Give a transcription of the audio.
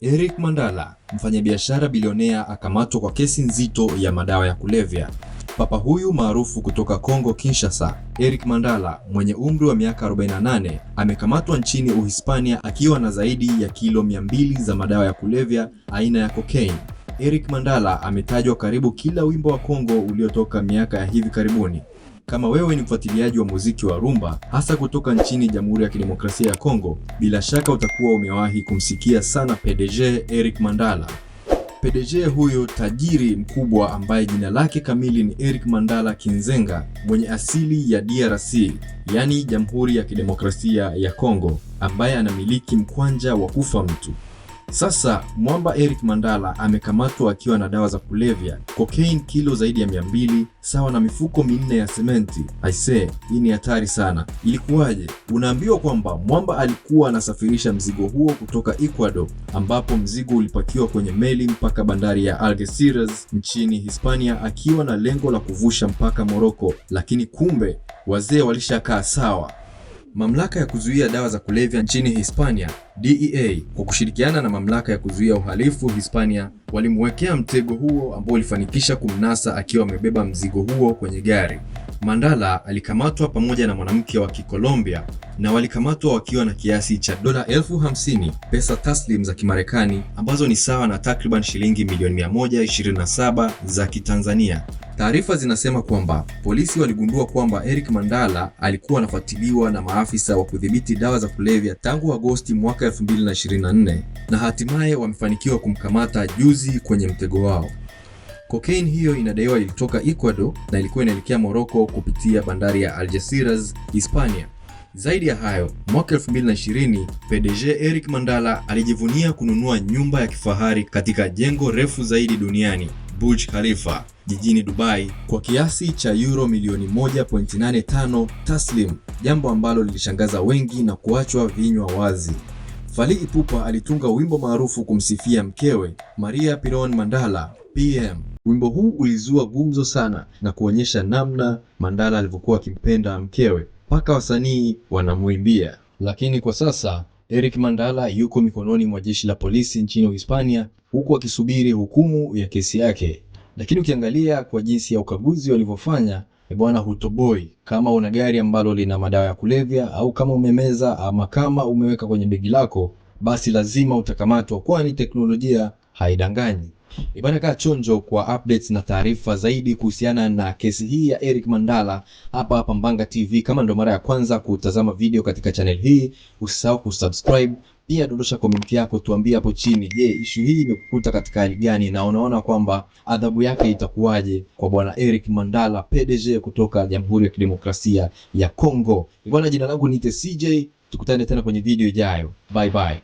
Eric Mandala, mfanyabiashara bilionea akamatwa kwa kesi nzito ya madawa ya kulevya. Papa huyu maarufu kutoka Kongo Kinshasa, Eric Mandala mwenye umri wa miaka 48 amekamatwa nchini Uhispania akiwa na zaidi ya kilo 200 za madawa ya kulevya aina ya cocaine. Eric Mandala ametajwa karibu kila wimbo wa Kongo uliotoka miaka ya hivi karibuni. Kama wewe ni mfuatiliaji wa muziki wa rumba hasa kutoka nchini Jamhuri ya Kidemokrasia ya Kongo, bila shaka utakuwa umewahi kumsikia sana PDG Eric Mandala. PDG huyo tajiri mkubwa ambaye jina lake kamili ni Eric Mandala Kinzenga, mwenye asili ya DRC, yaani Jamhuri ya Kidemokrasia ya Kongo, ambaye anamiliki mkwanja wa kufa mtu. Sasa mwamba Eric Mandala amekamatwa akiwa na dawa za kulevya, cocaine kilo zaidi ya 200 sawa na mifuko minne ya sementi. Aisee, hii ni hatari sana. Ilikuwaje? Unaambiwa kwamba mwamba alikuwa anasafirisha mzigo huo kutoka Ecuador, ambapo mzigo ulipakiwa kwenye meli mpaka bandari ya Algeciras nchini Hispania, akiwa na lengo la kuvusha mpaka moroko lakini kumbe wazee walishakaa sawa. Mamlaka ya kuzuia dawa za kulevya nchini Hispania, DEA, kwa kushirikiana na mamlaka ya kuzuia uhalifu Hispania, walimwekea mtego huo ambao ulifanikisha kumnasa akiwa amebeba mzigo huo kwenye gari. Mandala alikamatwa pamoja na mwanamke wa Kikolombia na walikamatwa wakiwa na kiasi cha dola elfu hamsini pesa taslim za Kimarekani ambazo ni sawa na takriban shilingi milioni 127 za Kitanzania. Taarifa zinasema kwamba polisi waligundua kwamba Eric Mandala alikuwa anafuatiliwa na maafisa wa kudhibiti dawa za kulevya tangu Agosti mwaka 2024 na hatimaye wamefanikiwa kumkamata juzi kwenye mtego wao. Cocaine hiyo inadaiwa ilitoka Ecuador na ilikuwa inaelekea Morocco kupitia bandari ya Algeciras, Hispania. Zaidi ya hayo, mwaka 2020 PDG Eric Mandala alijivunia kununua nyumba ya kifahari katika jengo refu zaidi duniani Burj Khalifa jijini Dubai kwa kiasi cha euro milioni 1.85 taslim, jambo ambalo lilishangaza wengi na kuachwa vinywa wazi. Fally Ipupa alitunga wimbo maarufu kumsifia mkewe Maria Piron Mandala PM. Wimbo huu ulizua gumzo sana na kuonyesha namna Mandala alivyokuwa akimpenda mkewe mpaka wasanii wanamwimbia. Lakini kwa sasa Derek Mandala yuko mikononi mwa jeshi la polisi nchini Uhispania huku akisubiri hukumu ya kesi yake. Lakini ukiangalia kwa jinsi ya ukaguzi walivyofanya, e bwana, hutoboi kama una gari ambalo lina madawa ya kulevya au kama umemeza ama kama umeweka kwenye begi lako, basi lazima utakamatwa, kwani teknolojia haidanganyi. Ibana, kaa chonjo kwa updates na taarifa zaidi kuhusiana na kesi hii ya Eric Mandala hapa hapa Mbanga TV. Kama ndo mara ya kwanza kutazama video katika channel hii, usisahau kusubscribe, pia dondosha komenti yako, tuambie hapo chini. Je, ishu hii imekukuta katika hali gani na unaona kwamba adhabu yake itakuwaje kwa bwana Eric Mandala PDG kutoka Jamhuri ya Kidemokrasia ya Kongo? Ibana, jina langu ni tukutane tena kwenye video ijayo. Bye bye.